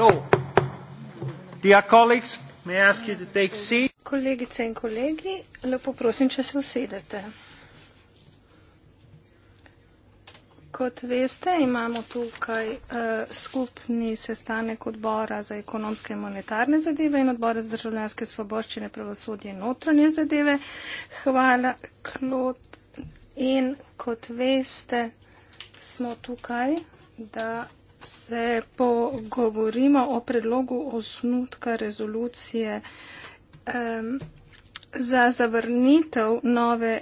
So, dear colleagues, may I ask you to take seat. Kolegice in kolegi, lepo prosim, če se usedete. Kot veste, imamo tukaj uh, skupni sestanek odbora za ekonomske in monetarne zadeve in odbora za državljanske svoboščine, pravosodje in notranje zadeve. Hvala, Klot. In kot veste, smo tukaj, da se pogovorimo o predlogu osnutka rezolucije um, za zavrnitev nove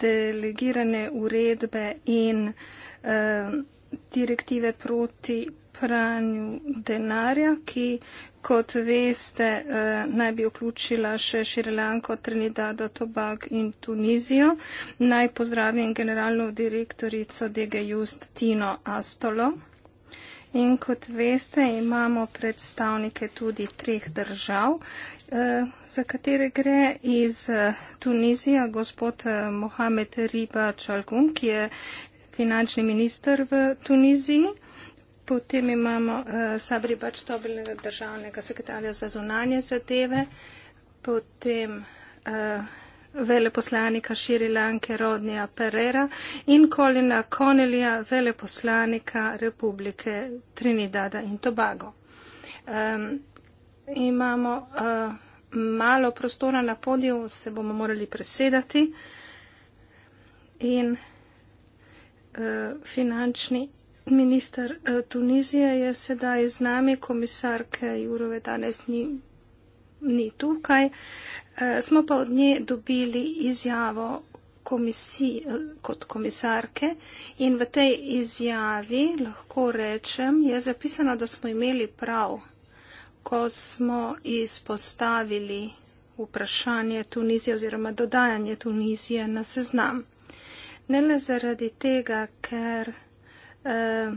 delegirane uredbe in um, direktive proti pranju denarja, ki, kot veste, uh, naj bi vključila še Šrilanko, Trinidado, Tobag in Tunizijo. Naj pozdravim generalno direktorico DG Just Tino Astolo. In kot veste, imamo predstavnike tudi treh držav, eh, za katere gre iz eh, Tunizija gospod eh, Mohamed Riba Čalgum, ki je finančni minister v Tuniziji. Potem imamo Sabri Bačtobel, državnega sekretarja za zunanje zadeve. Potem veleposlanika Širilanke Rodnija Pereira in Kolina Konelija, veleposlanika Republike Trinidada in Tobago. Um, imamo uh, malo prostora na podiju, se bomo morali presedati in uh, finančni. Ministr eh, Tunizije je sedaj z nami, komisarke Jurove danes ni ni tukaj. Eh, smo pa od nje dobili izjavo komisij, kot komisarke in v tej izjavi lahko rečem, je zapisano, da smo imeli prav, ko smo izpostavili vprašanje Tunizije oziroma dodajanje Tunizije na seznam. Ne le zaradi tega, ker eh,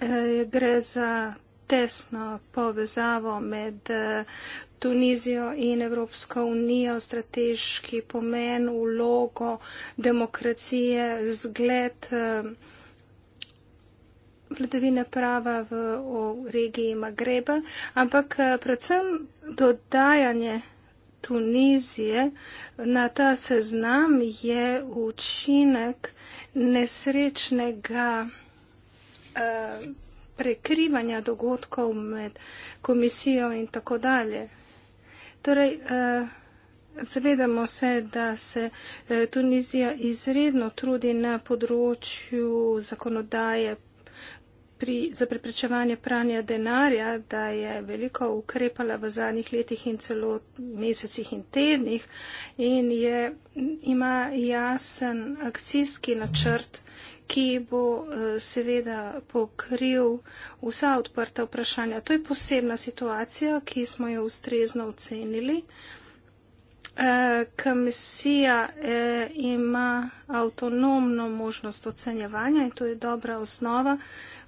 eh, gre za tesno povezavo med eh, Tunizijo in Evropsko unijo, strateški pomen, ulogo demokracije, zgled eh, vladavine prava v regiji Magreba, ampak eh, predvsem dodajanje Tunizije na ta seznam je učinek nesrečnega prekrivanja dogodkov med komisijo in tako dalje. Torej, eh, zavedamo se, da se eh, Tunizija izredno trudi na področju zakonodaje pri, za preprečevanje pranja denarja, da je veliko ukrepala v zadnjih letih in celo mesecih in tednih in je, ima jasen akcijski načrt. Mhm ki bo eh, seveda pokril vsa odprta vprašanja. To je posebna situacija, ki smo jo ustrezno ocenili. Eh, komisija eh, ima avtonomno možnost ocenjevanja in to je dobra osnova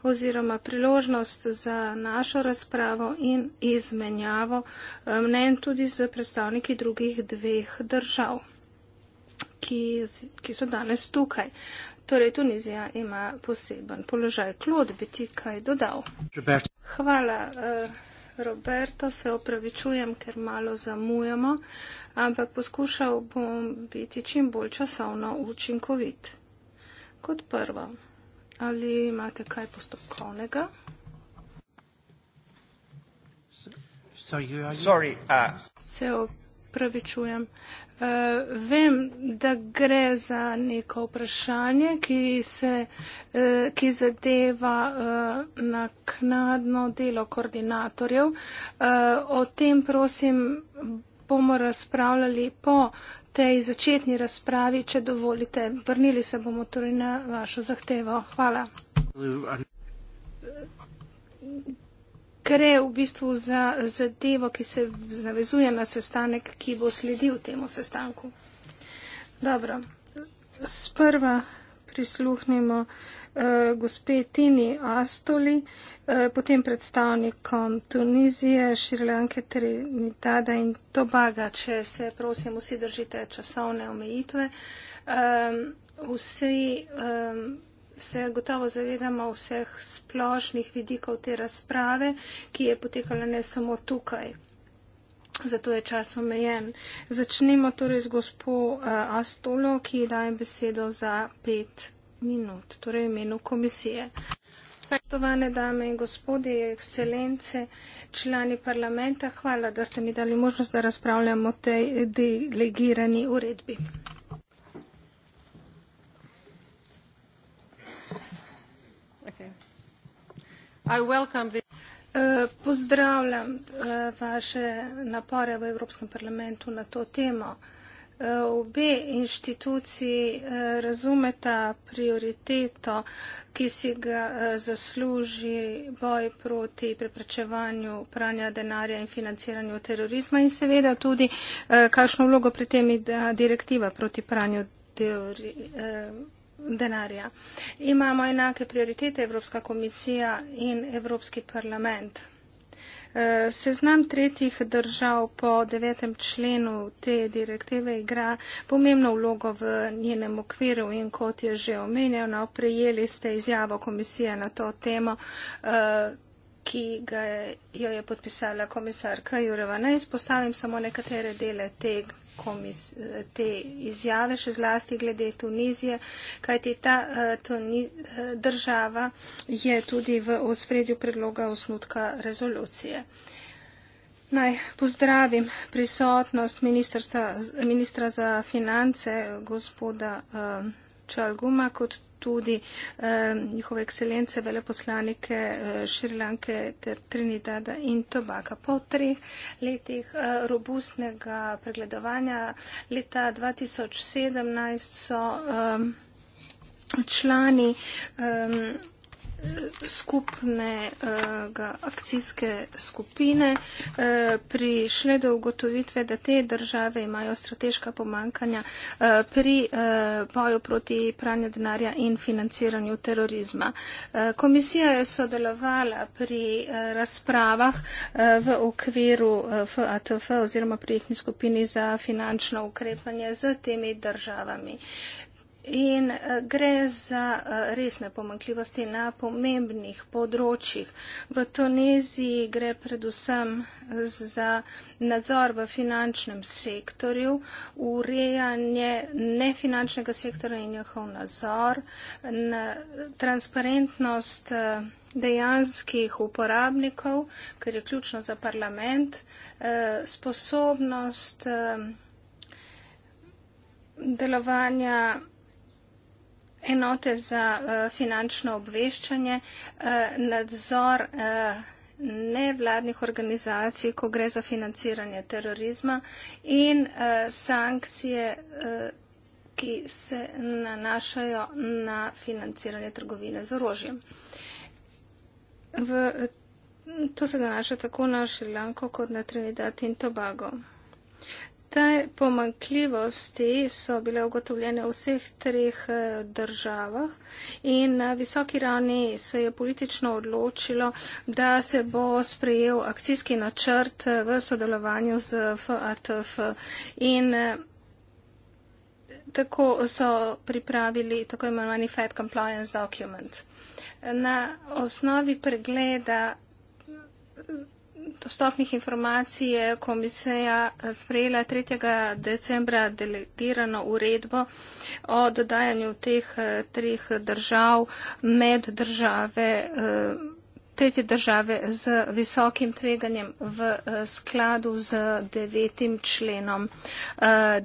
oziroma priložnost za našo razpravo in izmenjavo mnen tudi z predstavniki drugih dveh držav, ki, ki so danes tukaj. Torej, Tunizija ima poseben položaj. Klod, bi ti kaj dodal? Roberto. Hvala, eh, Roberto. Se opravičujem, ker malo zamujamo, ampak poskušal bom biti čim bolj časovno učinkovit. Kot prvo, ali imate kaj postopkovnega? So, so you, you... Sorry, uh... Se opravičujem. Uh, vem, da gre za neko vprašanje, ki, se, uh, ki zadeva uh, naknadno delo koordinatorjev. Uh, o tem, prosim, bomo razpravljali po tej začetni razpravi, če dovolite. Vrnili se bomo torej na vašo zahtevo. Hvala gre v bistvu za zadevo, ki se navezuje na sestanek, ki bo sledil temu sestanku. Dobro, sprva prisluhnimo eh, gospe Tini Astoli, eh, potem predstavnikom Tunizije, Širlanke, Trinitada in Tobaga, če se prosim vsi držite časovne omejitve. Eh, vsi, eh, se gotovo zavedamo vseh splošnih vidikov te razprave, ki je potekala ne samo tukaj. Zato je čas omejen. Začnimo torej z gospo uh, Astolo, ki daje besedo za pet minut, torej v imenu komisije. Spoštovane dame in gospode, ekscelence, člani parlamenta, hvala, da ste mi dali možnost, da razpravljamo o tej delegirani uredbi. Eh, pozdravljam eh, vaše napore v Evropskem parlamentu na to temo. Eh, obe inštituciji razumeta prioriteto, ki si ga zasluži boj proti preprečevanju pranja denarja in financiranju terorizma in seveda tudi, kakšno vlogo pri tem ima direktiva proti pranju teori, denarja. Imamo enake prioritete Evropska komisija in Evropski parlament. E, seznam tretjih držav po devetem členu te direktive igra pomembno vlogo v njenem okviru in kot je že omenjeno, prejeli ste izjavo komisije na to temo. Uh, ki ga je, jo je podpisala komisarka Jureva. Naj izpostavim samo nekatere dele te, komis, te izjave, še zlasti glede Tunizije, kajti ta uh, tuni, uh, država je tudi v ospredju predloga osnutka rezolucije. Naj pozdravim prisotnost ministra za finance, gospoda uh, Čalguma, kot tudi eh, njihove ekscelence, veleposlanike eh, Šrilanke ter Trinidada in Tobaka. Po treh letih eh, robustnega pregledovanja leta 2017 so eh, člani. Eh, skupne uh, akcijske skupine uh, prišle do ugotovitve, da te države imajo strateška pomankanja uh, pri uh, boju proti pranju denarja in financiranju terorizma. Uh, komisija je sodelovala pri uh, razpravah uh, v okviru uh, FATF oziroma pri etni skupini za finančno ukrepanje z temi državami. Uh, in eh, gre za eh, resne pomankljivosti na pomembnih področjih. V Tuniziji gre predvsem za nadzor v finančnem sektorju, urejanje nefinančnega sektora in njihov nadzor, na transparentnost eh, dejanskih uporabnikov, kar je ključno za parlament, sposobnost delovanja enote za eh, finančno obveščanje, eh, nadzor eh, nevladnih organizacij, ko gre za financiranje terorizma in sankcije, ki se nanašajo na financiranje trgovine z orožjem. V, to se nanaša tako na Šrilanko kot na Trinidad in Tobago. Te pomankljivosti so bile ugotovljene v vseh treh eh, državah in na visoki ravni se je politično odločilo, da se bo sprejel akcijski načrt eh, v sodelovanju z FATF in eh, tako so pripravili tako imenovani Fed Compliance Document. Na osnovi pregleda dostopnih informacij je komisija eh, sprejela 3. decembra delegirano uredbo o dodajanju teh eh, treh držav med države eh, tretje države z visokim tveganjem v skladu z devetim členom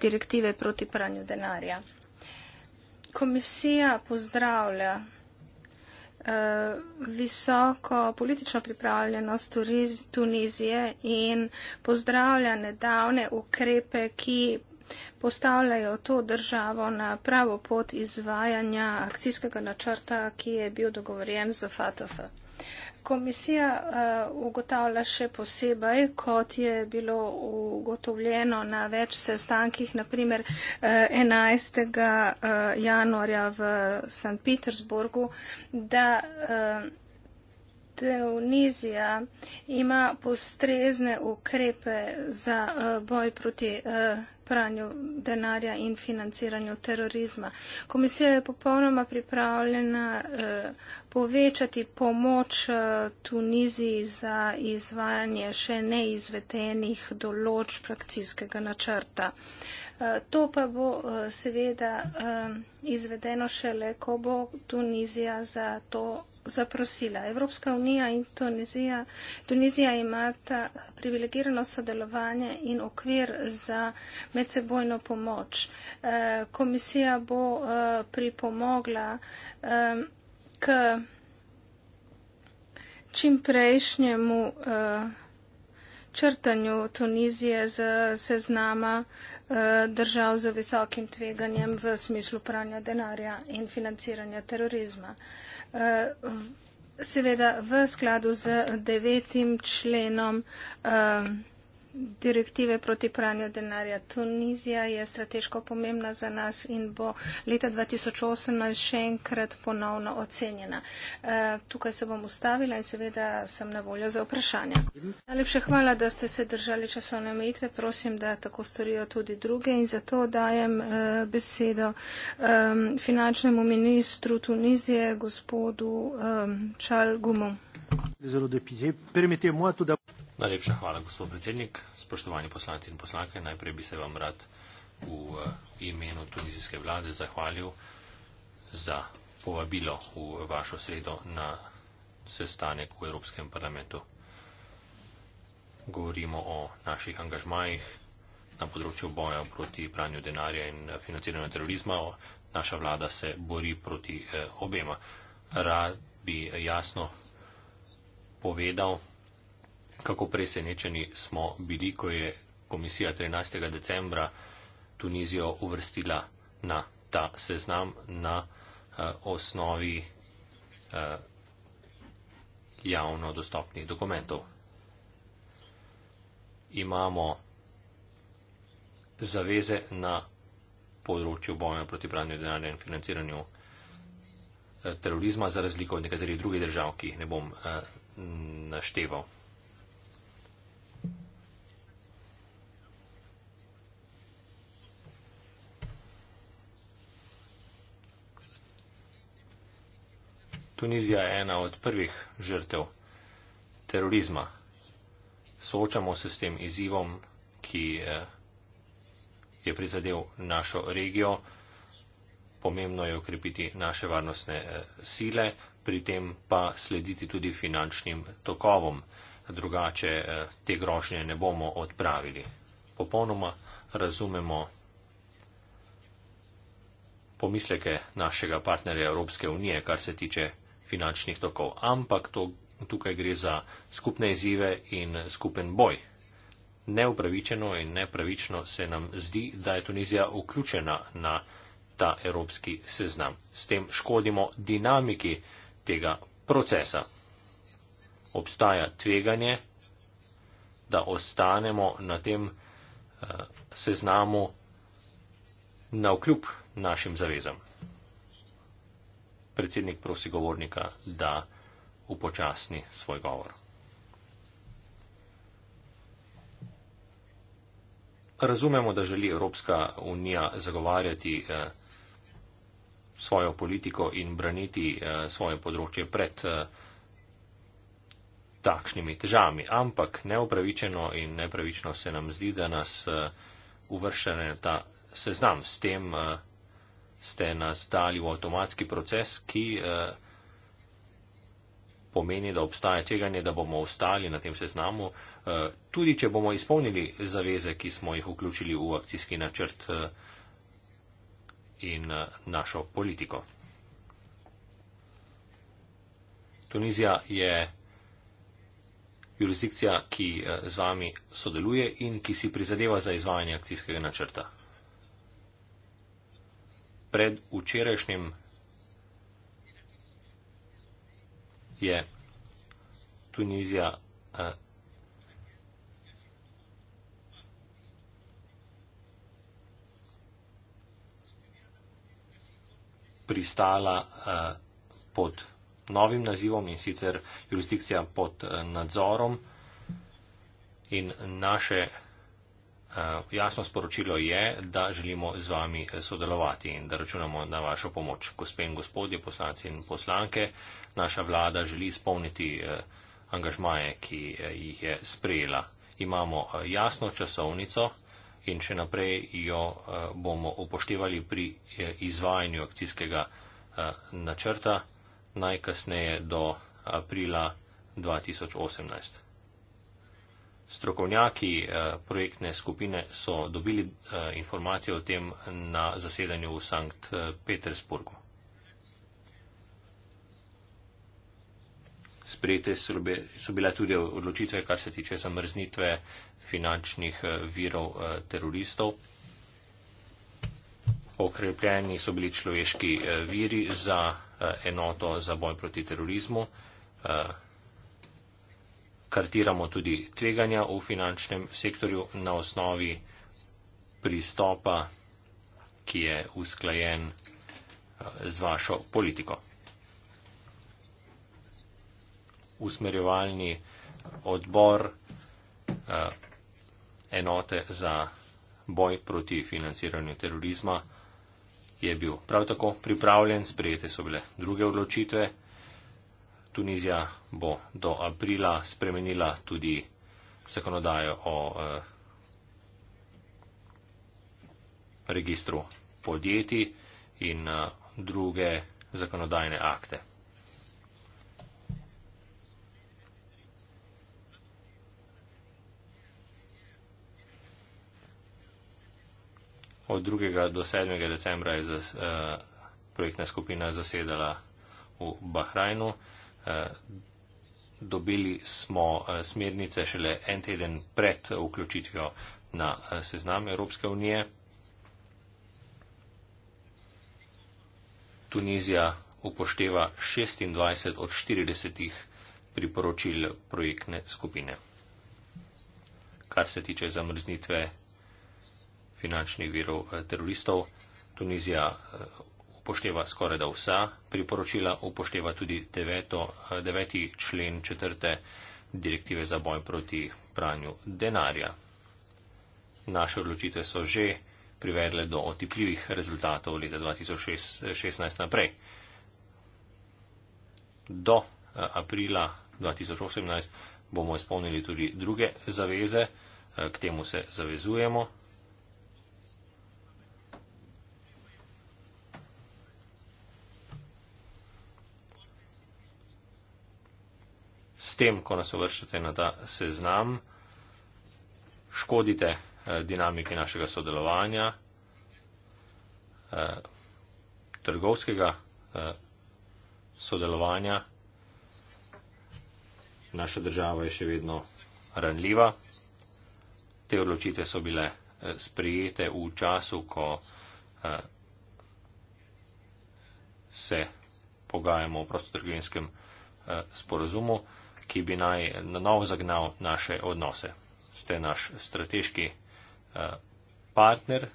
direktive proti pranju denarja. Komisija pozdravlja Eh, visoko politično pripravljenost Tunizije in pozdravlja nedavne ukrepe, ki postavljajo to državo na pravo pot izvajanja akcijskega načrta, ki je bil dogovorjen z FATF. Komisija uh, ugotavlja še posebej, kot je bilo ugotovljeno na več sestankih, naprimer uh, eh, 11. Uh, eh, januarja v St. Petersburgu, da uh, Teunizija ima postrezne ukrepe za uh, boj proti. Uh, pranju denarja in financiranju terorizma. Komisija je popolnoma pripravljena eh, povečati pomoč eh, Tuniziji za izvajanje še neizvetenih določb akcijskega načrta. Eh, to pa bo eh, seveda izvedeno šele, ko bo Tunizija za to zaprosila. Evropska unija in Tunizija, Tunizija imata privilegirano sodelovanje in okvir za medsebojno pomoč. Eh, komisija bo eh, pripomogla eh, k čimprejšnjemu črtanju Tunizije z seznama držav z visokim tveganjem v smislu pranja denarja in financiranja terorizma. Eh, seveda v skladu z devetim členom um, direktive proti pranju denarja. Tunizija je strateško pomembna za nas in bo leta 2018 še enkrat ponovno ocenjena. Eh, tukaj se bom ustavila in seveda sem na voljo za vprašanja. Najlepše hvala, da ste se držali časovne omejitve. Prosim, da tako storijo tudi druge in zato dajem eh, besedo finančnemu ministru Tunizije, gospodu Čalgumu. Zelo depize. Permite moja tudi. Najlepša hvala, gospod predsednik. Spoštovani poslanci in poslanke, najprej bi se vam rad v eh, imenu tunizijske vlade zahvalil za povabilo v vašo sredo na sestanek v Evropskem parlamentu. Govorimo o naših angažmajih na področju boja proti pranju denarja in financiranju terorizma. Naša vlada se bori proti eh, obema. Rad bi jasno povedal, kako presenečeni smo bili, ko je komisija 13. decembra Tunizijo uvrstila na ta seznam na uh, osnovi uh, javno dostopnih dokumentov. Imamo zaveze na področju boja proti pranju denarja in financiranju eh, terorizma, za razliko od nekaterih drugih držav, ki jih ne bom eh, našteval. Tunizija je ena od prvih žrtev terorizma. Soočamo se s tem izzivom, ki eh, je prizadel našo regijo. Pomembno je ukrepiti naše varnostne eh, sile, pri tem pa slediti tudi finančnim tokovom. Drugače eh, te grožnje ne bomo odpravili. Popolnoma razumemo pomisleke našega partnerja Evropske unije, kar se tiče finančnih tokov, ampak to, tukaj gre za skupne izzive in skupen boj. Neupravičeno in nepravično se nam zdi, da je Tunizija vključena na ta evropski seznam. S tem škodimo dinamiki tega procesa. Obstaja tveganje, da ostanemo na tem eh, seznamu na vkljub našim zavezam predsednik prosi govornika, da upočasni svoj govor. Razumemo, da želi Evropska unija zagovarjati eh, svojo politiko in braniti eh, svoje področje pred eh, takšnimi težavami, ampak neopravičeno in nepravično se nam zdi, da nas uvršene na ta seznam s tem, ste nastali v avtomatski proces, ki eh, pomeni, da obstaja tveganje, da bomo ostali na tem seznamu, eh, tudi če bomo izpolnili zaveze, ki smo jih vključili v akcijski načrt eh, in našo politiko. Tunizija je jurisdikcija, ki z vami sodeluje in ki si prizadeva za izvajanje akcijskega načrta pred včerajšnjim je Tunizija eh, pristala eh, pod novim nazivom in sicer jurisdikcija pod eh, nadzorom in naše Eh, jasno sporočilo je, da želimo z vami sodelovati in da računamo na vašo pomoč. Gospe in gospodje, poslanci in poslanke, naša vlada želi spolniti eh, angažmaje, ki eh, jih je sprejela. Imamo jasno časovnico in še naprej jo bomo upoštevali pri izvajanju akcijskega načrta najkasneje do aprila 2018. Strokovnjaki eh, projektne skupine so dobili eh, informacije o tem na zasedanju v Sankt eh, Petersburgu. Sprejete so bile tudi odločitve, kar se tiče zamrznitve finančnih virov teroristov. Okrepljeni so bili človeški viri za enoto za boj proti terorizmu kartiramo tudi tveganja v finančnem sektorju na osnovi pristopa, ki je usklajen eh, z vašo politiko. Usmerjevalni odbor eh, enote za boj proti financiranju terorizma je bil prav tako pripravljen, sprejete so bile druge odločitve. Tunizija bo do aprila spremenila tudi zakonodajo o eh, registru podjetij in eh, druge zakonodajne akte. Od 2. do 7. decembra je eh, projektna skupina zasedala v Bahrajnu. Eh, dobili smo eh, smernice šele en teden pred vključitvijo na eh, seznam Evropske unije. Tunizija upošteva 26 od 40 priporočil projektne skupine. Kar se tiče zamrznitve finančnih virov teroristov, Tunizija upošteva skoraj da vsa priporočila, upošteva tudi deveto, deveti člen četrte direktive za boj proti pranju denarja. Naše odločitve so že privedle do otipljivih rezultatov leta 2016 naprej. Do eh, aprila 2018 bomo izpolnili tudi druge zaveze, eh, k temu se zavezujemo, s tem, ko nas uvršite na ta seznam, škodite eh, dinamiki našega sodelovanja, eh, trgovskega eh, sodelovanja. Naša država je še vedno ranljiva. Te odločitve so bile sprijete v času, ko se pogajamo o prostotrgovinskem sporazumu ki bi naj na novo zagnal naše odnose. Ste naš strateški eh, partner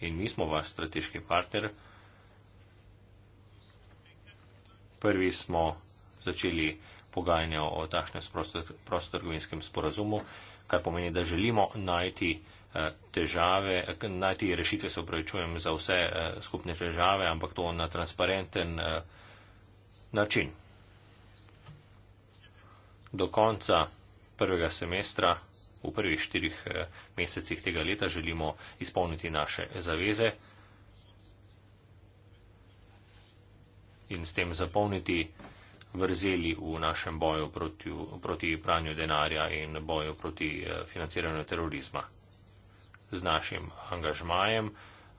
in mi smo vaš strateški partner. Prvi smo začeli pogajanja o takšnem prostotrgovinskem sporazumu, kar pomeni, da želimo najti eh, težave, najti rešitve, se upravičujem, za vse eh, skupne težave, ampak to na transparenten način do konca prvega semestra, v prvih štirih eh, mesecih tega leta, želimo izpolniti naše zaveze in s tem zapolniti vrzeli v našem boju proti, proti pranju denarja in boju proti eh, financiranju terorizma. Z našim angažmajem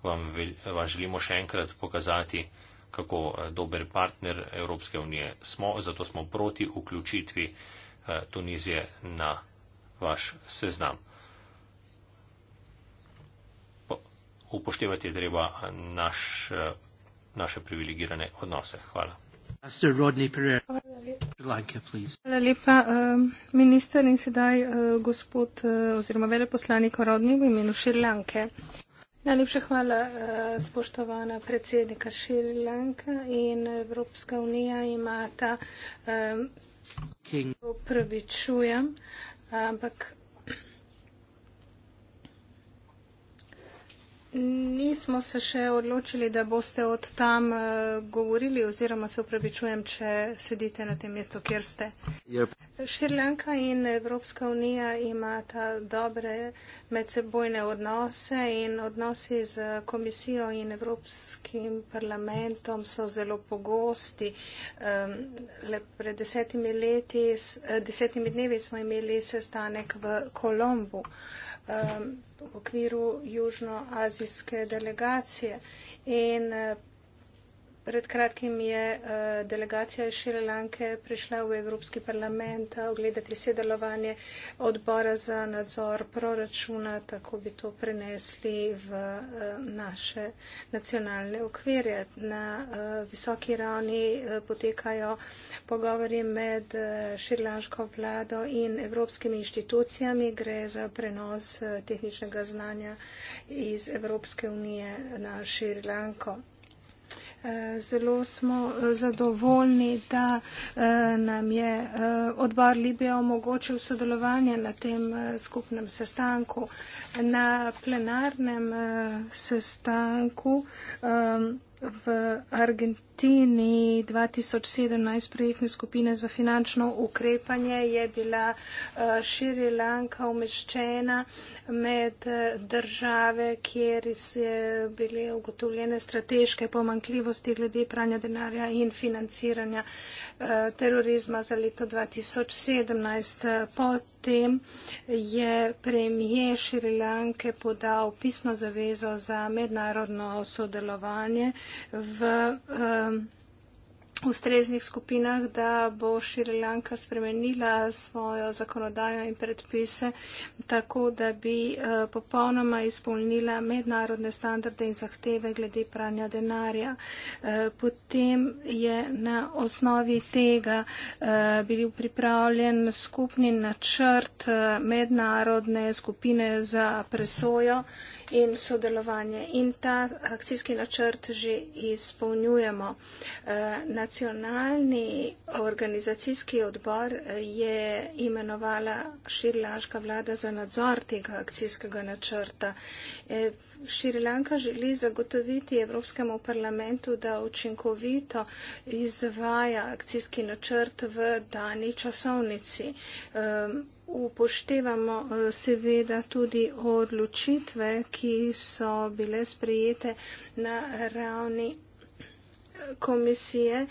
vam, vel, vam želimo še enkrat pokazati, kako eh, dober partner Evropske unije smo, zato smo proti vključitvi eh, Tunizije na vaš seznam. Upoštevati je treba naš, eh, naše privilegirane odnose. Hvala. Hvala lepa, minister in sedaj gospod oziroma veleposlanik Rodni v imenu Šrilanke. Najlepša hvala, eh, spoštovana predsednika Šrilanka in Evropska unija imata. Um, opravičujem, ampak Nismo se še odločili, da boste od tam eh, govorili oziroma se upravičujem, če sedite na tem mestu, kjer ste. Yep. Ja. Širlanka in Evropska unija imata dobre medsebojne odnose in odnosi z komisijo in Evropskim parlamentom so zelo pogosti. Le pred desetimi, leti, eh, desetimi dnevi smo imeli sestanek v Kolombu. Um, v okviru Južnoazijske delegacije. In uh, pred kratkim je eh, delegacija iz Šrilanke prišla v Evropski parlament eh, ogledati sedelovanje odbora za nadzor proračuna, tako bi to prenesli v eh, naše nacionalne okvirje. Na visoki ravni potekajo pogovori med šrilanško vlado in evropskimi inštitucijami. Gre za prenos tehničnega znanja iz Evropske unije na Šrilanko. Zelo smo eh, zadovoljni, da eh, nam je eh, odbor Libija omogočil sodelovanje na tem skupnem sestanku. Na plenarnem sestanku v Argentini tretjini 2017 projektne skupine za finančno ukrepanje je bila eh, Širilanka umeščena med eh, države, kjer so bile ugotovljene strateške pomankljivosti glede pranja denarja in financiranja eh, terorizma za leto 2017. Potem je premije Šrilanke podal pisno zavezo za mednarodno sodelovanje v. Um, ustreznih skupinah, da bo Šrilanka spremenila svojo zakonodajo in predpise tako, da bi eh, popolnoma izpolnila mednarodne standarde in zahteve glede pranja denarja. Eh, potem je na osnovi tega eh, bi bil pripravljen skupni načrt mednarodne skupine za presojo in sodelovanje. In ta akcijski načrt že izpolnjujemo. Eh, nacionalni organizacijski odbor eh, je imenovala širilaška vlada za nadzor tega akcijskega načrta. Eh, Šrilanka želi zagotoviti Evropskemu parlamentu, da učinkovito izvaja akcijski načrt v dani časovnici. Ehm, Upoštevamo eh, seveda tudi odločitve, ki so bile sprejete na ravni eh, komisije,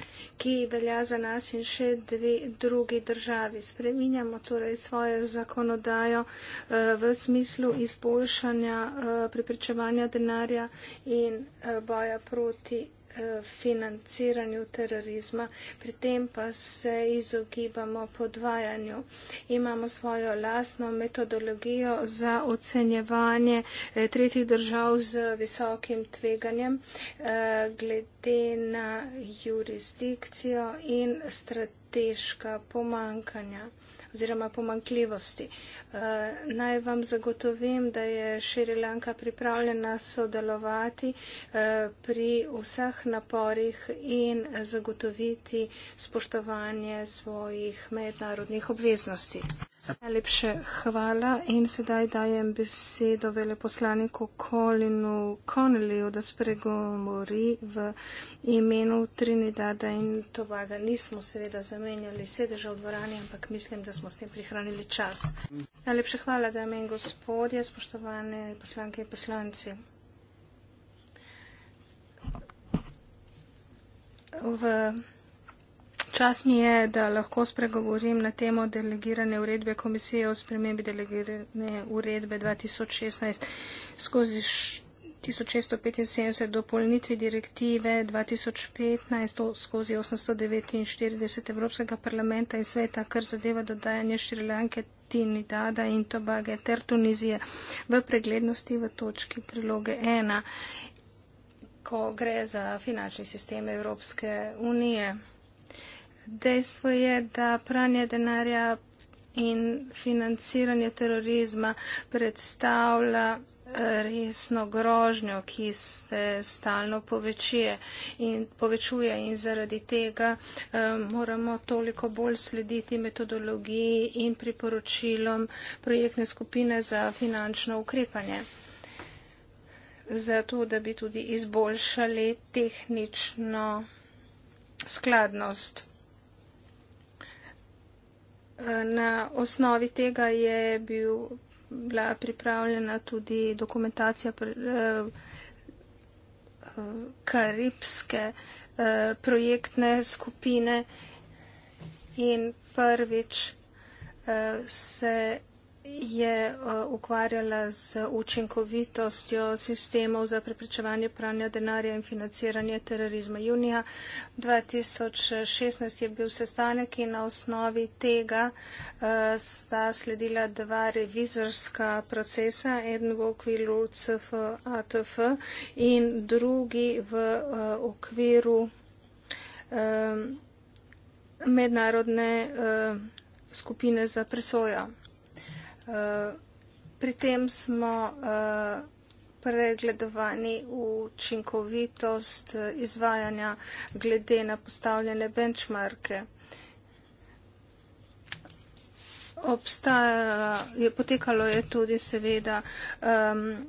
ki velja za nas in še dve drugi državi. Spreminjamo torej svojo zakonodajo eh, v smislu izboljšanja pripričevanja denarja in boja proti financiranju terorizma, pri tem pa se izogibamo podvajanju. Imamo svojo lastno metodologijo za ocenjevanje eh, tretjih držav z visokim tveganjem. Eh, Glede glede na jurisdikcijo in strateška pomankanja oziroma pomankljivosti. Eh, naj vam zagotovim, da je Šrilanka pripravljena sodelovati eh, pri vseh naporih in zagotoviti spoštovanje svojih mednarodnih obveznosti. Najlepše hvala in sedaj dajem besedo veleposlaniku Colinu Connellyju, da spregovori v imenu Trinidada in Tobaga. Nismo seveda zamenjali sedeža v dvorani, ampak mislim, da smo s tem prihranili čas. Najlepše hvala, dame in gospodje, spoštovane poslanke in poslanci. V Čas mi je, da lahko spregovorim na temo delegirane uredbe komisije o spremembi delegirane uredbe 2016 skozi 1675 dopolnitvi direktive 2015 skozi 849 Evropskega parlamenta in sveta, kar zadeva dodajanje Šrilanke, Tinidada in Tobage ter Tunizije v preglednosti v točki priloge 1, ko gre za finančni sistem Evropske unije dejstvo je, da pranje denarja in financiranje terorizma predstavlja eh, resno grožnjo, ki se stalno povečuje in, povečuje in zaradi tega eh, moramo toliko bolj slediti metodologiji in priporočilom projektne skupine za finančno ukrepanje. Zato, da bi tudi izboljšali tehnično skladnost na osnovi tega je bil, bila pripravljena tudi dokumentacija eh, eh, karibske eh, projektne skupine in prvič se je uh, ukvarjala z učinkovitostjo sistemov za preprečevanje pranja denarja in financiranje terorizma. Junija 2016 je bil sestanek in na osnovi tega uh, sta sledila dva revizorska procesa, eden v okviru CFATF in drugi v uh, okviru um, mednarodne skupine za presojo. Eh, pri tem smo eh, pregledovani učinkovitost eh, izvajanja glede na postavljene benchmarke. Potekalo je tudi seveda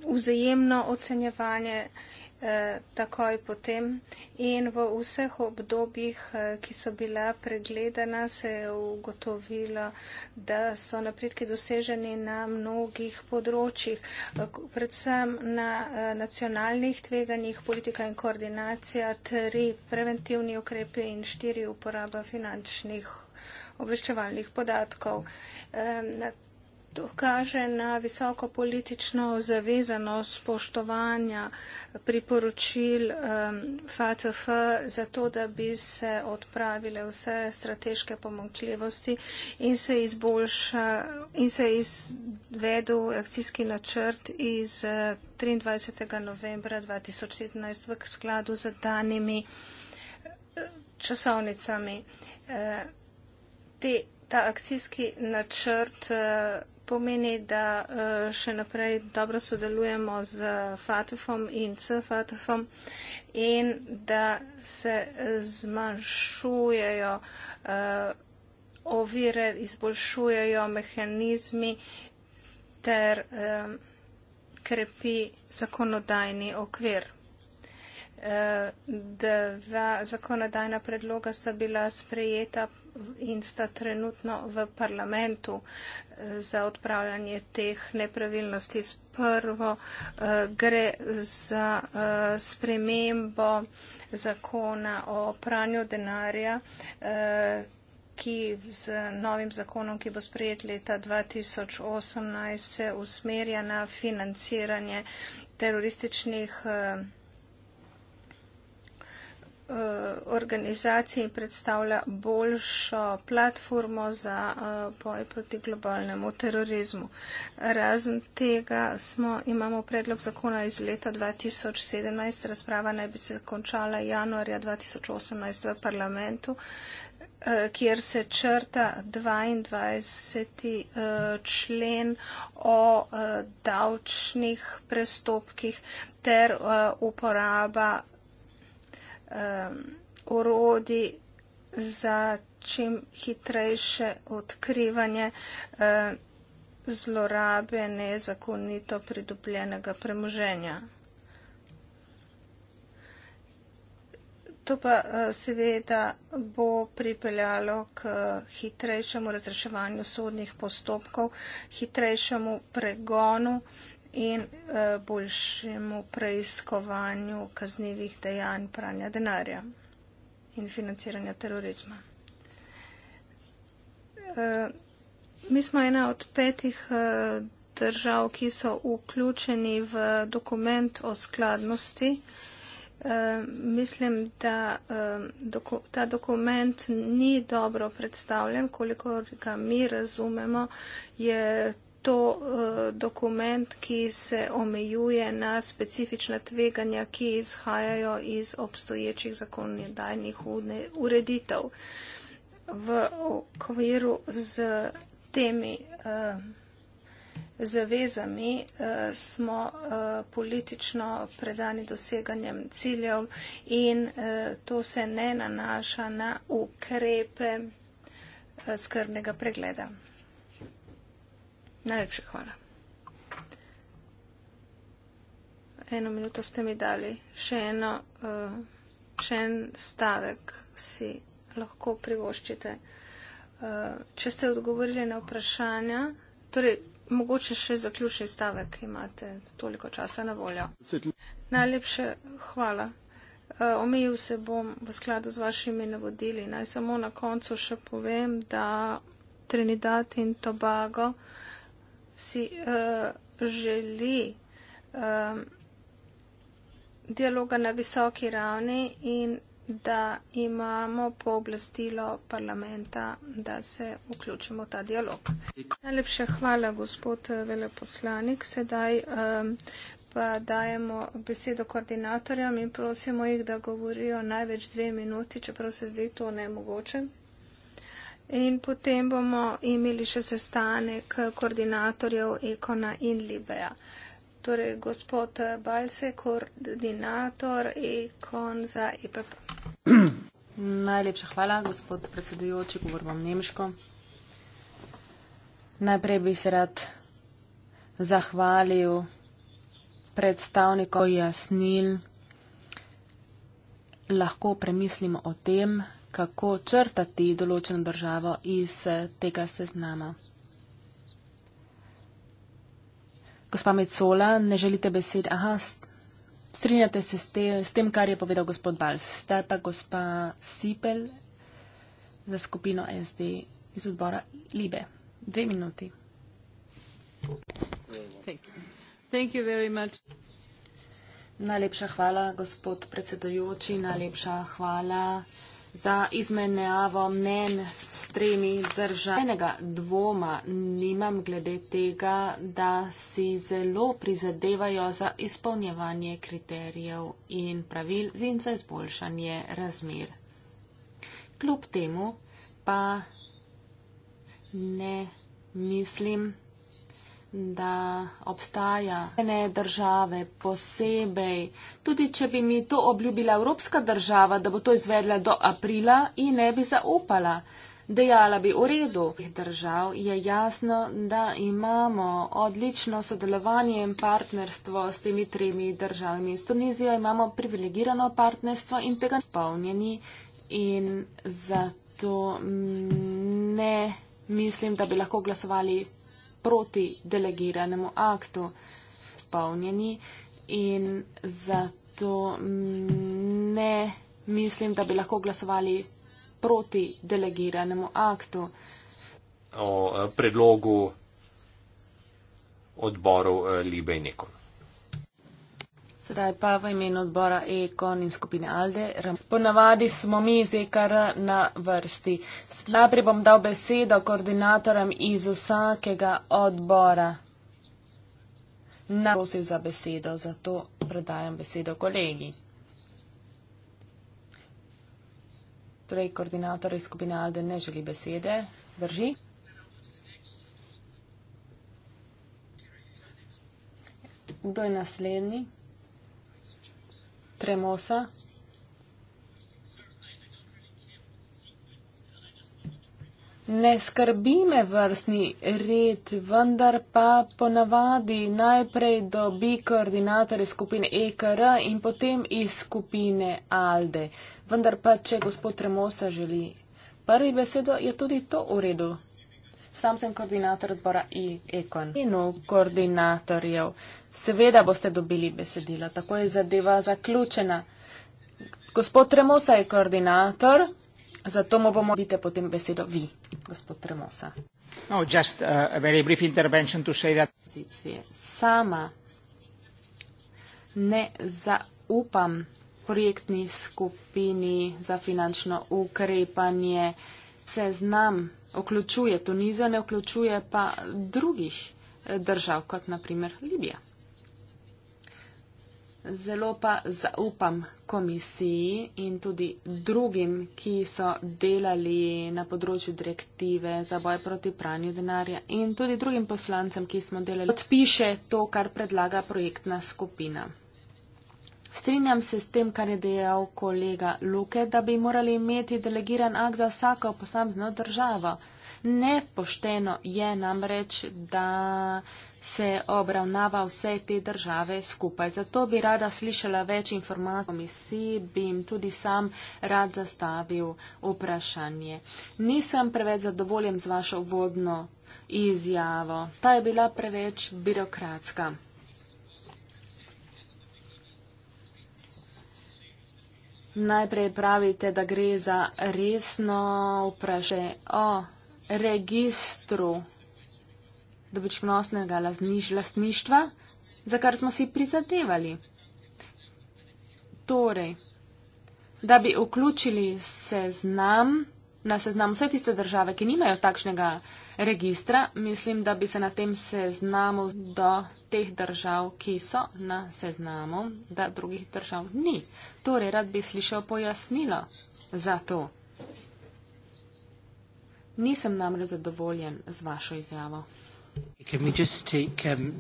vzajemno ocenjevanje in Eh, takoj potem in v vseh obdobjih, eh, ki so bila pregledana, se je ugotovilo, da so napredki doseženi na mnogih področjih, eh, predvsem na nacionalnih tveganjih, politika in koordinacija, tri preventivni ukrepi in štiri uporaba finančnih obveščevalnih podatkov. Na to kaže na visoko politično zavezanost spoštovanja priporočil um, FATF za to, da bi se odpravile vse strateške pomankljivosti in se izboljša in se izvedel akcijski načrt iz 23. Eh, novembra 2017 v skladu z danimi eh, časovnicami. Uh, te, ta akcijski načrt uh, pomeni, da eh, še naprej dobro sodelujemo z FATF-om in CFATF-om in da se eh, zmanjšujejo eh, ovire, izboljšujejo mehanizmi ter krepi zakonodajni okvir. Dva zakonodajna predloga sta bila sprejeta in sta trenutno v parlamentu za odpravljanje teh nepravilnosti. Prvo eh, gre za eh, spremembo zakona o pranju denarja, eh, ki z novim zakonom, ki bo sprejet leta 2018, se usmerja na financiranje terorističnih Eh, organizaciji predstavlja boljšo platformo za eh, boj proti globalnemu terorizmu. Razen tega smo, imamo predlog zakona iz leta 2017, razprava naj bi se končala januarja 2018 v parlamentu, eh, kjer se črta 22. člen o davčnih prestopkih ter uporaba um, orodi za čim hitrejše odkrivanje um, zlorabe nezakonito pridobljenega premoženja. To pa uh, seveda bo pripeljalo k hitrejšemu razreševanju sodnih postopkov, hitrejšemu pregonu uh, in eh, boljšemu preiskovanju kaznjivih dejanj pranja denarja in financiranja terorizma. Eh, mi smo ena od petih eh, držav, ki so vključeni v dokument o skladnosti. Mislim, da ta dokument ni dobro predstavljen, koliko ga mi razumemo, je to eh, dokument, ki se omejuje na specifična tveganja, ki izhajajo iz obstoječih zakonodajnih ureditev. V okviru z temi eh, zavezami eh, smo politično predani doseganjem ciljev in to se ne nanaša na ukrepe skrbnega pregleda. Najlepša hvala. Eno minuto ste mi dali. Še, eno, eh, še en stavek si lahko privoščite. Eh, če ste odgovorili na vprašanja, torej mogoče še zaključni stavek imate toliko časa na voljo. Najlepše hvala. Eh, omejil se bom v skladu z vašimi navodili. Naj samo na koncu še povem, da Trinidad in Tobago si uh, želi um, dialoga na visoki ravni in da imamo pooblastilo parlamenta, da se vključimo v ta dialog. Najlepše hvala, gospod eh, veleposlanik. Sedaj um, pa dajemo besedo koordinatorjem in prosimo jih, da govorijo največ dve minuti, čeprav se zdi to nemogoče. In potem bomo imeli še sestanek koordinatorjev Ekona in Libeja. Torej, gospod Balse, koordinator Ekon za IPP. E Najlepša hvala, gospod predsedujoči, govorim vam nemško. Najprej bi se rad zahvalil predstavnikov jasnil. Lahko premislimo o tem, kako črtati določeno državo iz eh, tega seznama. Gospa Mecola, ne želite besed? Aha, strinjate se s tem, s tem kar je povedal gospod Bals. Zdaj pa gospa Sipel za skupino SD iz odbora Libe. Dve minuti. Thank you very much. Najlepša hvala, gospod predsedujoči, najlepša hvala za izmenjavo mnen s tremi državami. Enega dvoma nimam glede tega, da si zelo prizadevajo za izpolnjevanje kriterijev in pravil in za izboljšanje razmer. Kljub temu pa ne mislim, da obstaja ene države posebej. Tudi, če bi mi to obljubila Evropska država, da bo to izvedla do aprila in ne bi zaupala. Dejala bi v redu. Držav je jasno, da imamo odlično sodelovanje in partnerstvo s temi tremi državami. S Tunizijo imamo privilegirano partnerstvo in tega spolnjeni in zato ne mislim, da bi lahko glasovali proti delegiranemu aktu spolnjeni in zato ne mislim, da bi lahko glasovali proti delegiranemu aktu. O eh, predlogu odborov eh, Libe in Ekon. Sedaj pa v imenu odbora EKON in skupine ALDE. Ponavadi smo mi z EKR na vrsti. Najprej bom dal besedo koordinatorjem iz vsakega odbora. Naprosil za besedo, zato predajam besedo kolegi. Torej, koordinator iz skupine ALDE ne želi besede. Drži? Kdo je naslednji? tremosa. Ne skrbi me vrstni red, vendar pa ponavadi najprej dobi koordinatore skupine EKR in potem iz skupine ALDE. Vendar pa, če gospod Tremosa želi prvi besedo, je tudi to v redu. Sam sem koordinator odbora IECON in v koordinatorjev. Seveda boste dobili besedila, tako je zadeva zaključena. Gospod Tremosa je koordinator, zato mu bomo dite potem besedo vi, gospod Tremosa. No, just uh, a very brief intervention to say that. Sama ne zaupam projektni skupini za finančno ukrepanje. Seznam vključuje Tunizijo, ne vključuje pa drugih eh, držav, kot naprimer Libija. Zelo pa zaupam komisiji in tudi drugim, ki so delali na področju direktive za boj proti pranju denarja in tudi drugim poslancem, ki smo delali, odpiše to, kar predlaga projektna skupina. Strinjam se s tem, kar je dejal kolega Luke, da bi morali imeti delegiran akt za vsako posamezno državo. Nepošteno je namreč, da se obravnava vse te države skupaj. Zato bi rada slišala več informacij o komisiji, bi jim tudi sam rad zastavil vprašanje. Nisem preveč zadovoljen z vašo vodno izjavo. Ta je bila preveč birokratska. Najprej pravite, da gre za resno vprašanje o registru dobičkonosnega lastništva, za kar smo si prizadevali. Torej, da bi vključili seznam, na seznam vse tiste države, ki nimajo takšnega lastništva, registra. Mislim, da bi se na tem seznamu do teh držav, ki so na seznamu, da drugih držav ni. Torej, rad bi slišal pojasnilo za to. Nisem namreč zadovoljen z vašo izjavo. Take, um,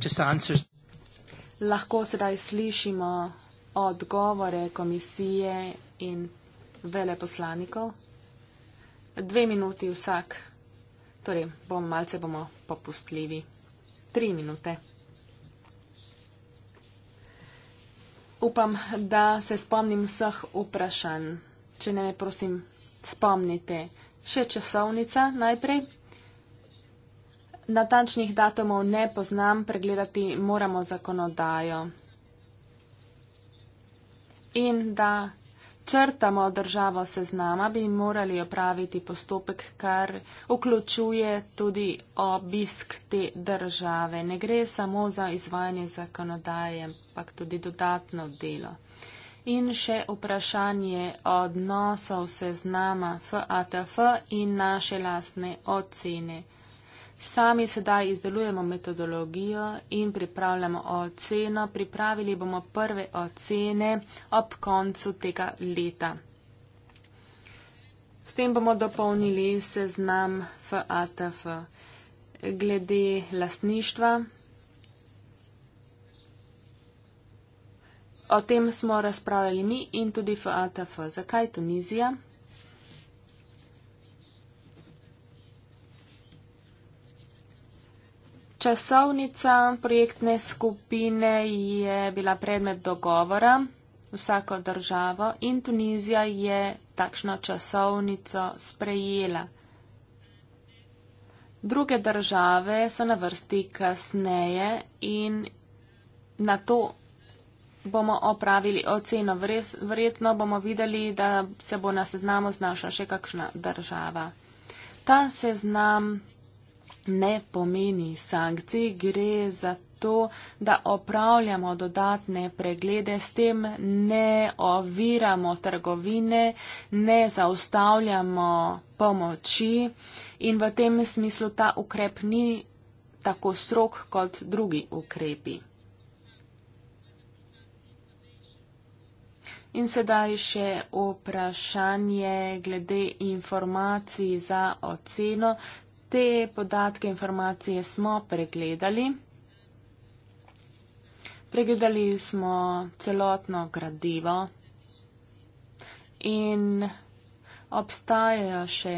Lahko sedaj slišimo odgovore komisije in veleposlanikov. Dve minuti vsak. Torej, bom malce bomo popustljivi. Tri minute. Upam, da se spomnim vseh vprašanj. Če ne me prosim, spomnite. Še časovnica najprej. Natančnih datumov ne poznam, pregledati moramo zakonodajo. In da črtamo državo seznama, bi morali opraviti postopek, kar vključuje tudi obisk te države. Ne gre samo za izvajanje zakonodaje, ampak tudi dodatno delo. In še vprašanje odnosov seznama FATF in naše lastne ocene. Sami sedaj izdelujemo metodologijo in pripravljamo oceno. Pripravili bomo prve ocene ob koncu tega leta. S tem bomo dopolnili seznam FATF glede lasništva. O tem smo razpravljali mi in tudi FATF. Zakaj Tunizija? Časovnica projektne skupine je bila predmet dogovora. Vsako državo in Tunizija je takšno časovnico sprejela. Druge države so na vrsti kasneje in na to bomo opravili oceno. Verjetno bomo videli, da se bo na seznamu znašla še kakšna država. Ta seznam ne pomeni sankcij, gre za to, da opravljamo dodatne preglede, s tem ne oviramo trgovine, ne zaustavljamo pomoči in v tem smislu ta ukrep ni tako strok kot drugi ukrepi. In sedaj še vprašanje glede informacij za oceno. Te podatke, informacije smo pregledali. Pregledali smo celotno gradivo in obstajajo še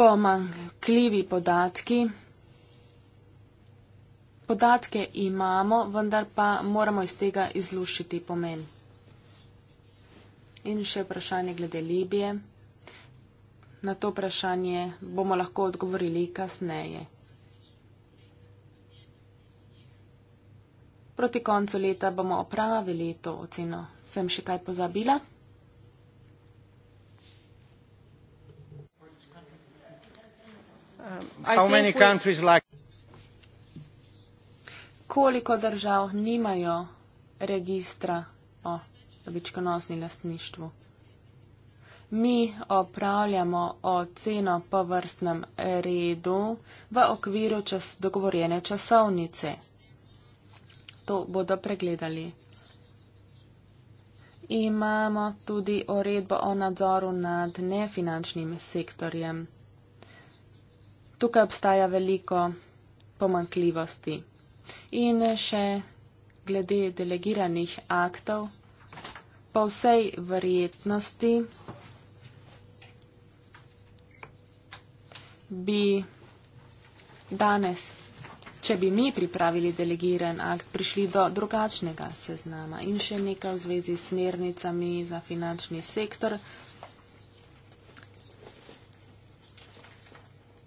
pomankljivi podatki. Podatke imamo, vendar pa moramo iz tega izluščiti pomen. In še vprašanje glede Libije. Na to vprašanje bomo lahko odgovorili kasneje. Proti koncu leta bomo opravili to oceno. Sem še kaj pozabila? Um, like... Koliko držav nimajo registra o dobičkonosni lastništvu? mi opravljamo oceno po vrstnem redu v okviru čas, dogovorjene časovnice. To bodo pregledali. Imamo tudi uredbo o nadzoru nad nefinančnim sektorjem. Tukaj obstaja veliko pomankljivosti. In še glede delegiranih aktov, po vsej verjetnosti. bi danes, če bi mi pripravili delegiran akt, prišli do drugačnega seznama. In še nekaj v zvezi s smernicami za finančni sektor.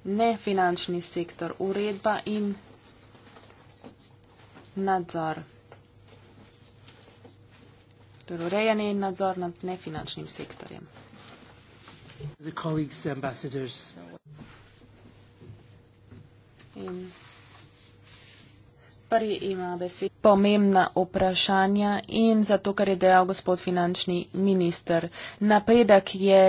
Ne finančni sektor, uredba in nadzor. Torej, urejanje in nadzor nad nefinančnim sektorjem. The colleagues, the ambassadors in prvi ima besed. Pomembna vprašanja in zato, kar je dejal gospod finančni minister. Napredek, je,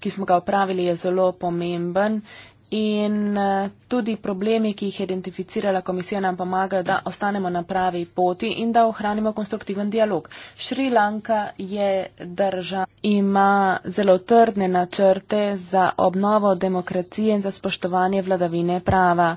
ki smo ga upravili, je zelo pomemben In eh, tudi problemi, ki jih je identificirala komisija, nam pomagajo, da ostanemo na pravi poti in da ohranimo konstruktiven dialog. Šrilanka je država, ima zelo trdne načrte za obnovo demokracije in za spoštovanje vladavine prava.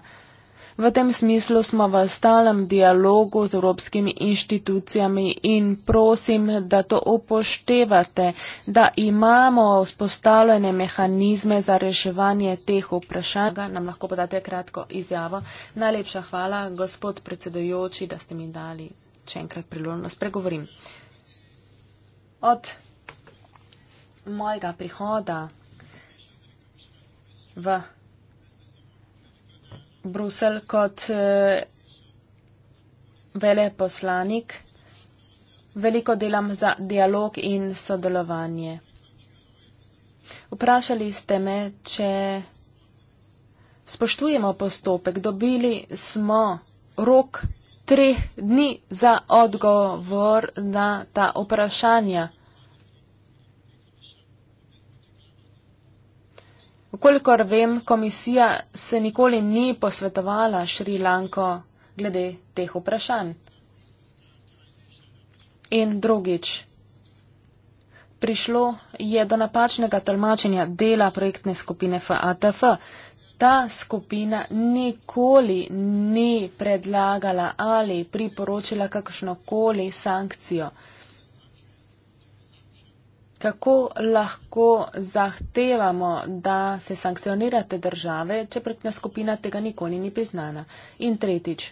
V tem smislu smo v stalem dialogu z evropskimi inštitucijami in prosim, da to upoštevate, da imamo vzpostavljene mehanizme za reševanje teh vprašanj. Nam lahko podate kratko izjavo. Najlepša hvala, gospod predsedojoči, da ste mi dali še enkrat priložnost. Pregovorim. Od mojega prihoda v. Bruselj kot eh, veleposlanik. Veliko delam za dialog in sodelovanje. Vprašali ste me, če spoštujemo postopek. Dobili smo rok treh dni za odgovor na ta vprašanja. Kolikor vem, komisija se nikoli ni posvetovala Šrilanko glede teh vprašanj. In drugič, prišlo je do napačnega tolmačenja dela projektne skupine FATF. Ta skupina nikoli ni predlagala ali priporočila kakšno koli sankcijo. Kako lahko zahtevamo, da se sankcionirate države, če prekna skupina tega nikoli ni priznana? In tretjič.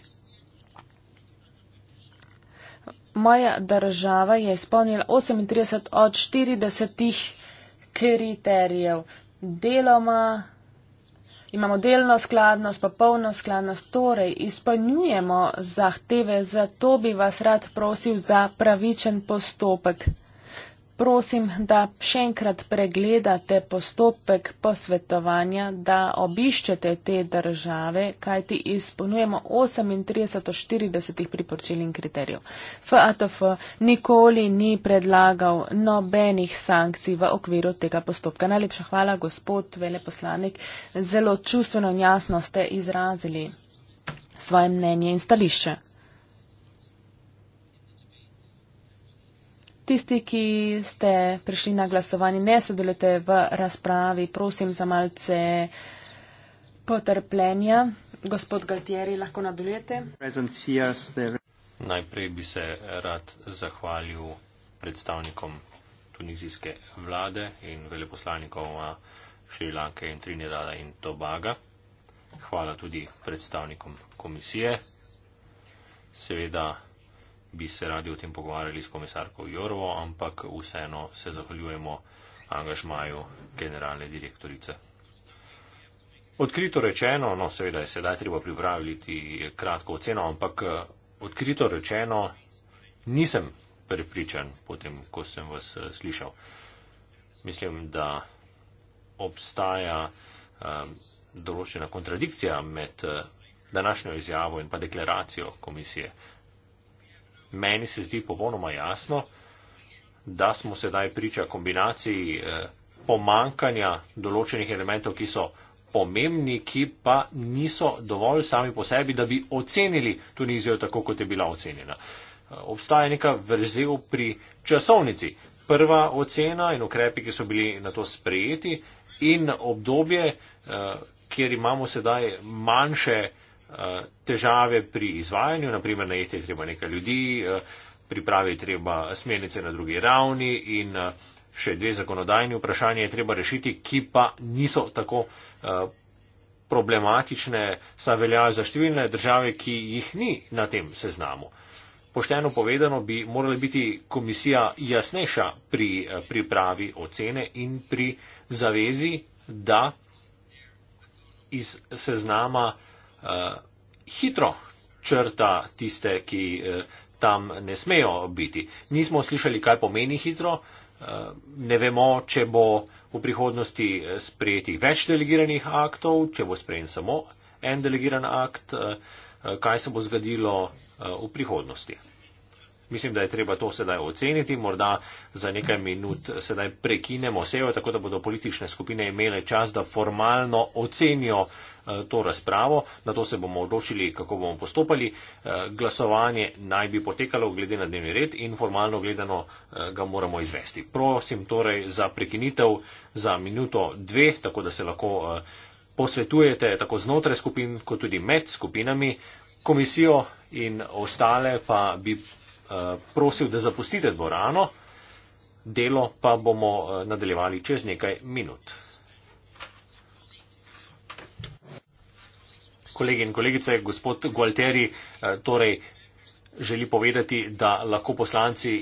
Moja država je izpolnila 38 od 40 kriterijev. Deloma imamo delno skladnost, pa polno skladnost, torej izpolnjujemo zahteve, zato bi vas rad prosil za pravičen postopek prosim, da še enkrat pregledate postopek posvetovanja, da obiščete te države, kajti izpolnjujemo 38-40 priporočil in kriterijev. FATF nikoli ni predlagal nobenih sankcij v okviru tega postopka. Najlepša hvala, gospod veleposlanik, zelo čustveno in jasno ste izrazili svoje mnenje in stališče. Tisti, ki ste prišli na glasovanje, ne sodelujte v razpravi, prosim za malce potrpljenja. Gospod Galtieri, lahko nadaljujete. Najprej bi se rad zahvalil predstavnikom tunizijske vlade in veleposlanikoma Šrilanke in Trinidada in Tobaga. Hvala tudi predstavnikom komisije. Seveda bi se radi o tem pogovarjali s komisarko Jorovo, ampak vseeno se zahvaljujemo angažmaju generalne direktorice. Odkrito rečeno, no seveda je sedaj treba pripraviti kratko oceno, ampak odkrito rečeno nisem prepričan potem, ko sem vas slišal. Mislim, da obstaja eh, določena kontradikcija med eh, današnjo izjavo in pa deklaracijo komisije meni se zdi popolnoma jasno, da smo sedaj priča kombinaciji eh, pomankanja določenih elementov, ki so pomembni, ki pa niso dovolj sami po sebi, da bi ocenili Tunizijo tako, kot je bila ocenjena. Eh, obstaja neka vrzel pri časovnici. Prva ocena in ukrepi, ki so bili na to sprejeti in obdobje, eh, kjer imamo sedaj manjše Eh, težave pri izvajanju, naprimer najeti je treba nekaj ljudi, eh, pripravi je treba smernice na drugi ravni in eh, še dve zakonodajni vprašanje je treba rešiti, ki pa niso tako problematične, saj veljajo za številne države, ki jih ni na tem seznamu. Pošteno povedano bi morala biti komisija jasnejša pri pripravi ocene in pri zavezi, da iz seznama Eh, hitro črta tiste, ki eh, tam ne smejo biti. Nismo slišali, kaj pomeni hitro. Eh, ne vemo, če bo v prihodnosti sprejeti več delegiranih aktov, če bo sprejen samo en delegiran akt, kaj se bo zgodilo v prihodnosti. Mislim, da je treba to sedaj oceniti. Morda za nekaj minut sedaj prekinemo sejo, tako da bodo politične skupine imele čas, da formalno ocenijo eh, to razpravo. Na to se bomo odločili, kako bomo postopali. Eh, glasovanje naj bi potekalo glede na dnevni red in formalno gledano eh, ga moramo izvesti. Prosim torej za prekinitev za minuto dve, tako da se lahko posvetujete tako znotraj skupin, kot tudi med skupinami. Komisijo in ostale pa bi. Eh, prosil, da zapustite dvorano, delo pa bomo eh, nadaljevali čez nekaj minut. Kolegi in kolegice, gospod Gualteri eh, torej želi povedati, da lahko poslanci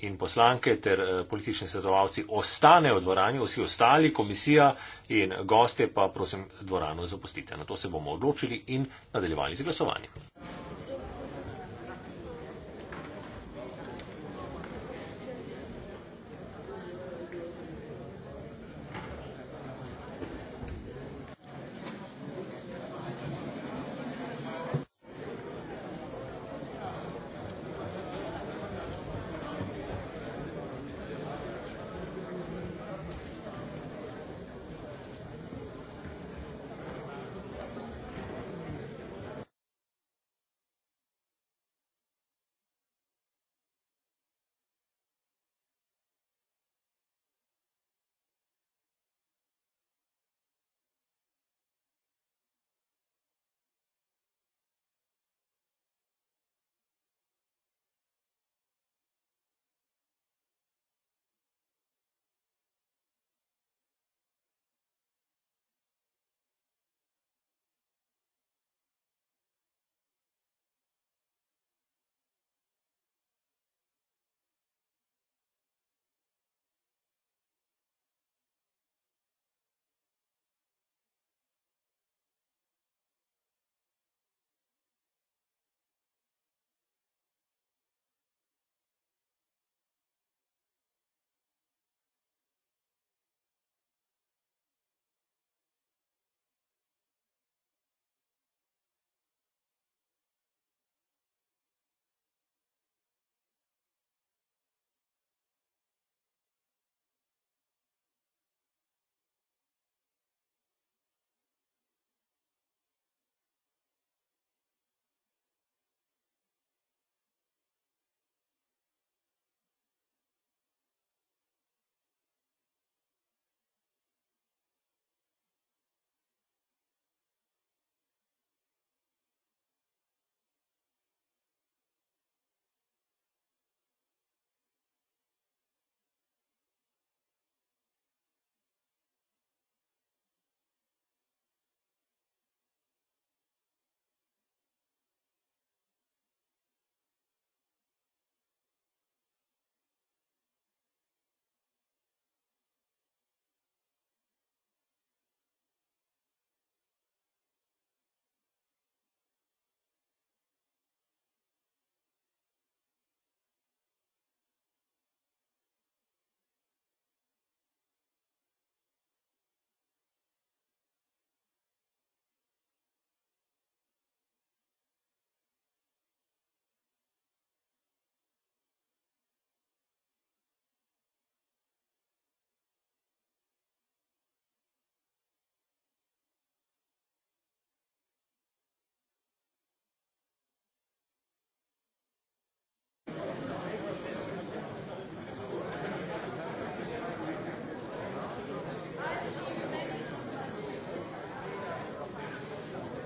in poslanke ter politični svetovalci ostanejo v dvorani, vsi ostali, komisija in goste pa prosim dvorano zapustite. Na to se bomo odločili in nadaljevali z glasovanjem.